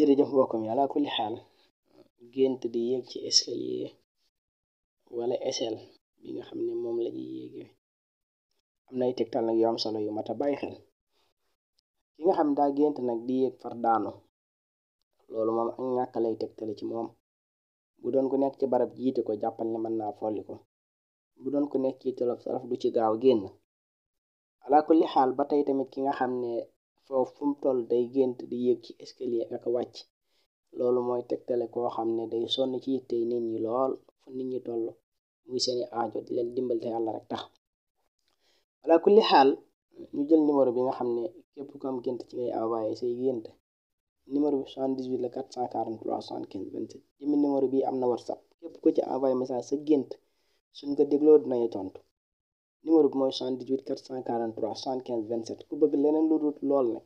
jeri jam huwa komi ala kulli hal genta di yeg ci escalier wala sl bi nga xamne mom lañuy yéggee amna ay tegtal nak yu am solo yu mata bàyyi xel ki nga xam daa gént nak di yeg far daanu loolu moom ak ñàkkalay tegtale ci moom bu doon ku nekk ci barab jiite ko jàppal ne mën naa folli ko bu doon ku nekk ci tëlof saraf du ci gaaw génn ala kulli xaal ba tey tamit ki nga xam ne foo fumtol day gént di yëg ci escalier ak wàcc loolu mooy tegtale koo xam ne day sonn ci tey nit ñi lool fu nit ñi toll muy seeni aajo di leen dimbalte yàlla rek tax wala kulli xaal ñu jël numéro bi nga xam ne képp ko am gént ci ngay awaaye say gént numéro bi 78 la 443 75 27 jëmi numéro bi am na whatsapp képp ko ci envoyé message sa gént suñ ko dégloo dinay tontu numéro bi mooy 78 443 75 27 ku bëgg leneen lu dul lool nag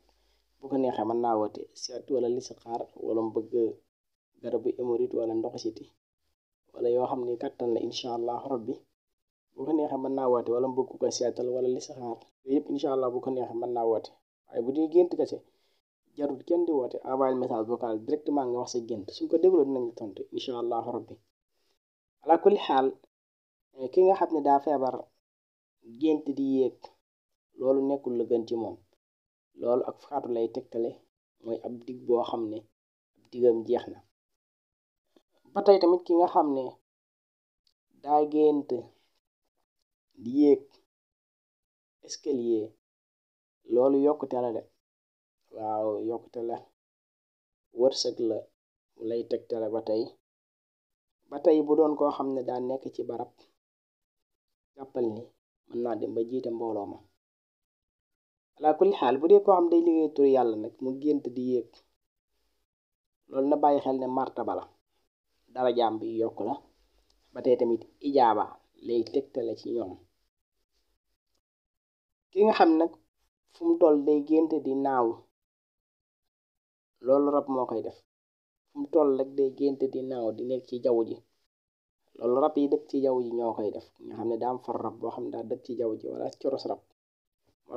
bu ko neexee man naa woote seet wala listixaar wala mu bëgg garabu hémorroïde wala ndoxu siti wala yoo xam ne kattan la incha allah rabbi bu ko neexee mën naa woote wala mu bëgg ko seetal wala listixaar yooyu yëpp incha allah bu ko neexee mën naa woote waaye bu dee gént kese jarul kenn di woote envoyé message vocal directement nga wax sa gént suñ ko dégloo dinañ tontu incha allah rabbi ala kulli xaal eh, ki nga xam ne daa feebar. gént di yéeg loolu nekkul la gën ci moom loolu ak faatu lay tegtale mooy ab digg boo xam ne ab jeex na ba tey tamit ki nga xam ne daa gént di yéeg escalier loolu yokkute la de waaw yokkute la wërsëg la lay tegtale ba tey ba tey bu doon koo xam ne daa nekk ci barab jàppal ni mën naa dem ba jiite mbooloo ma alaa kulli xaal bu dee koo xam day liggéey tur yàlla nag mu gént di yéeg loolu na bàyyi xel ne martaba la dara jaam bi yokk la ba tey tamit ijaaba lay tegtale ci ñoom ki nga xam nag fu mu toll day gént di naaw loolu rab moo koy def fu mu toll rek day gént di naaw di nekk ci jaww ji loolu rap yi dëkk ci jaww ji ñoo koy def nga xamne da am far rap bo xamne da daa ci jaww ji wala ci ros rap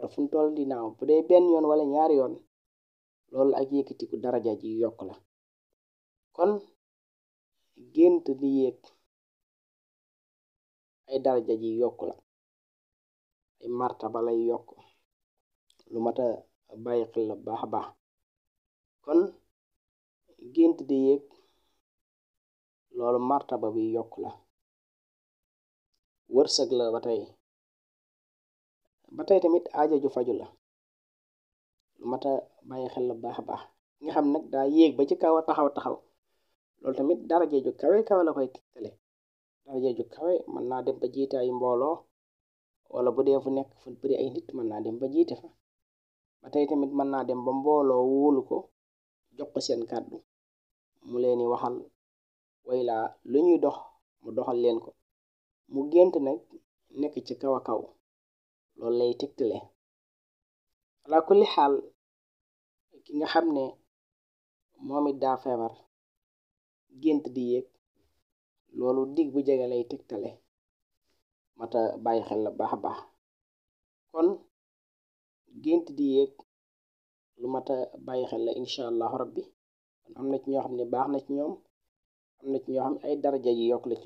tax fu toll di naaw bu dee ben yoon wala ñaar yoon lolu ak ku daraja ji yok la kon gént di yek ay daraja ji yok la ay martaba lay yok lu mata bayyi xel la baax baax kon gént di yek loolu ba bi yokk la wërsëg la ba tey ba tey tamit aajo ju faju la lu mat a bàyyi xel la baax a baax nga xam nag daa yéeg ba ci kaw a taxaw taxaw loolu tamit daraje ju kawe kawe la koy tegtale daraje ju kawe mën naa dem ba jiita ay mbooloo wala bu dee fu nekk fu bëri ay nit mën naa dem ba jiite fa ba tey tamit mën naa dem ba mbooloo wóolu ko jox seen kàddu mu leen waxal way lu ñuy dox mu doxal leen ko mu gént nag nekk ci kaw a kaw loolu lay tegtale ala kulli xaal ki nga xam ne moom it daa feebar gént di yéeg loolu dig bu jege lay tegtale mata bàyyi xel la baax baax kon gént di yéeg lu mata bàyyi xel la incha allahu rabbi kon am na ci ñoo xam ne baax na ci ñoom am na ci ñoo ay daraja yu yokk la ci